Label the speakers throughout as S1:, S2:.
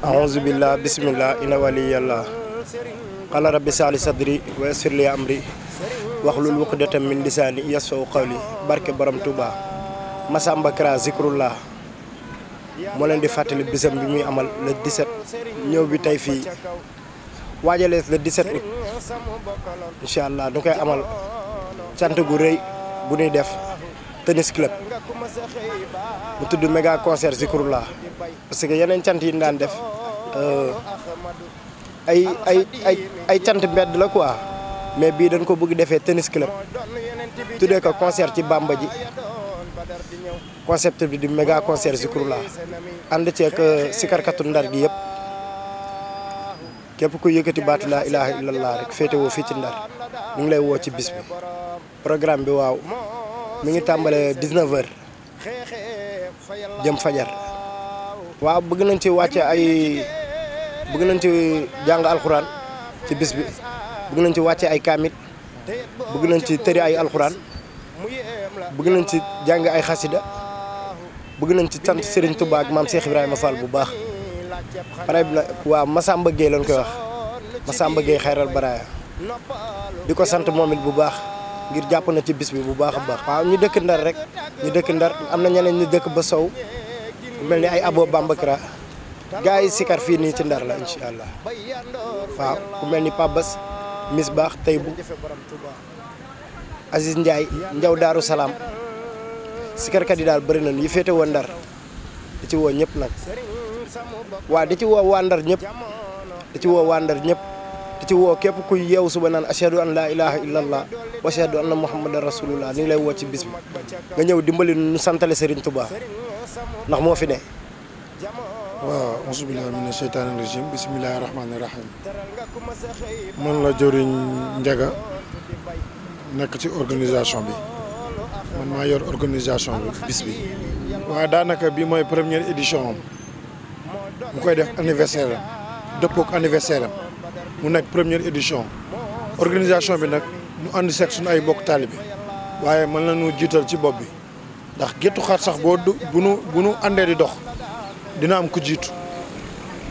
S1: A'udzu Bismillah bismillahi inna waliyalla qala rabbi sali sadri wa yassir li amri wa khulul waqdata min lisani yasau qawli barka baram tuba masa mbakra zikrullah mo len di fatali amal le 17 ñew bi tay fi wajale le 17 inshallah du amal cyant gu reuy def tennis club bu tuddu mega concert zikrullah parce que yenen tiant yi ndan def ay ay ay ay cant mbedd la quoi mais bi dañ ko bëgg défé tennis club tudé ko concert ci bamba ji concept bi di méga concert ci ak sikar sikarkatu ndar gi yépp képp ku yëkëti bat la ilaha illallah rek wo fi ci ndar ñu ngi lay wo ci bis bi programme bi waaw mi ngi tambalé 19 h jëm fajar waaw bëgg nañ ci wàcce ay bëgg nañ ci jàng alxuraan ci bis bi bëgg nañ ci wàcce ay kaamit bëgg nañ ci tëri ay alxuraan bëgg nañ ci jàng ay xasida bëgg nañ ci sant Serigne Touba ak maam Cheikh Ibrahima Fall bu baax pare bi waaw Massamba Gueye lañ koy wax Massamba Gueye xayral baraaya di ko sant moom bu baax ngir jàpp na ci bis bi bu baax a baax waaw ñu dëkk ndar rek ñu dëkk ndar am na ñeneen ñu dëkk ba sow mel ni ay abo bambakra gars yi sikar fii nii ci ndar la incha allah waaw ku mel ni Pabas Misbaax Taybu Aziz Ndiaye Njaw Daaru Salaam sikarkat yi daal bëri nañu yi féete woon ndar di ci woo ñëpp nag waaw di ci woo waa ndar ñëpp di ci woo waa ndar ñëpp di ci woo képp kuy yeew suba naan ashhadu an laa ilaha illallah wa ashhadu anna muhammadan rasulullah ni ngi lay woo ci bis bi nga ñëw dimbali ñu santale Serigne Touba ndax moo fi ne
S2: waaw auzu billahi mina sheytaani rajim bismillahi rahmaani rahim man la jëriñ njaga nekk ci organisation bi man maa yor organisation bi bis bi waaw daanaka bi mooy première édition am mu koy def anniversaire am dëppook anniversaire am mu nekk première édition organisation bi nag mu ànd seeg suñu ay bokk taalibe waaye mën nañu jiital ci bopp bi ndax géttu xar sax boo du bu nu bu nu àndee di dox dina am ku jiitu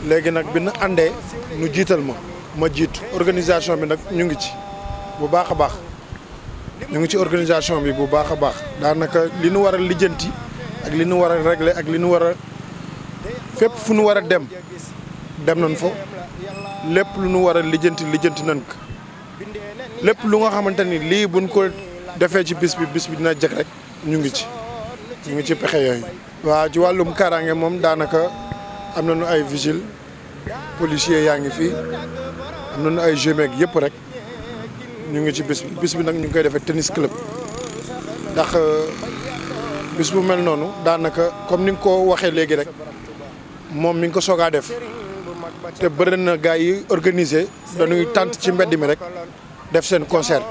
S2: léegi nag bi nu àndee nu jiital ma ma jiitu organisation bi nag ñu ngi ci bu baax a baax ñu ngi ci organisation bi bu baax a baax daanaka li nu war a lijjanti ak li nu war a régler ak li nu war a fépp fu nu war a dem dem nañ fa lépp lu nu war a lijjanti lijjanti nañ ko lépp lu nga xamante ni lii buñ ko defee ci bis bi bis bi dina jëkk rek ñu ngi ci ñu ngi ci pexe yooyu. waa ci wàllum kaaraange moom daanaka am na nu ay vigile policier yaa ngi fi am nañu ay GMEG yëpp rek ñu ngi ci bis bi bi nag ñu ngi koy defee tennis club ndax euh, bis bu mel noonu daanaka comme ni nga ko waxee léegi rek moom mi ngi ko soogaa def te bëri na gars yi organiser dañuy tànt ci mbedd mi rek def seen concert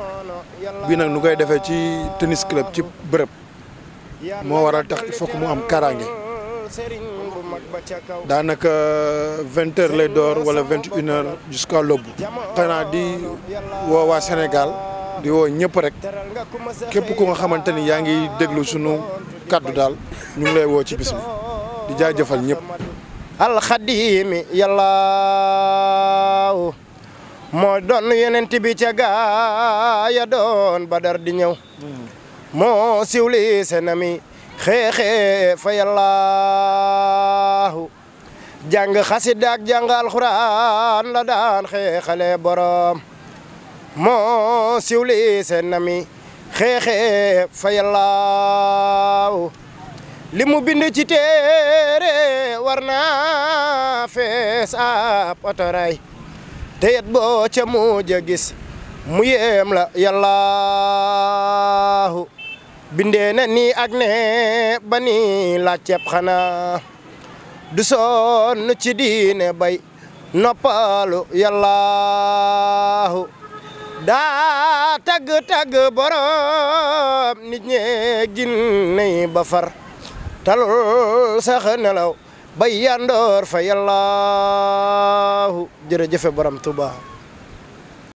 S2: bi nag ñu koy defee ci tennis club ci bërëb. mo waral tax il faut que mu am karange danaka 20h lay dor wala 21h jusqu'à l'aube di wo wa Sénégal di wo ñëpp rek képp ku nga xamanteni ya ngi déglu sunu kaddu dal ñu lay wo ci bis di jaajëfal ñëpp alxadimi
S1: mo don yenen yonent bi ga ya don badar di ñew moo siwli senami xeexe fa yallaahu jàng xasida ak alxuraan la daan xeexale borom moo siwli senami xeexe fa yallaahu li mu bind ci téere war fees ab otoray te yet boo ca mujj a mu yéem la yàlla bindee na nii ak ne ba nii laaj ceeb xanaa du sonn ci diine bay noppalu yàllaahu daa tagg-tagg borom nit ñee ginney bafar far talul bay yandoor fa yàllaahu jërëjëfe borom Tuubaa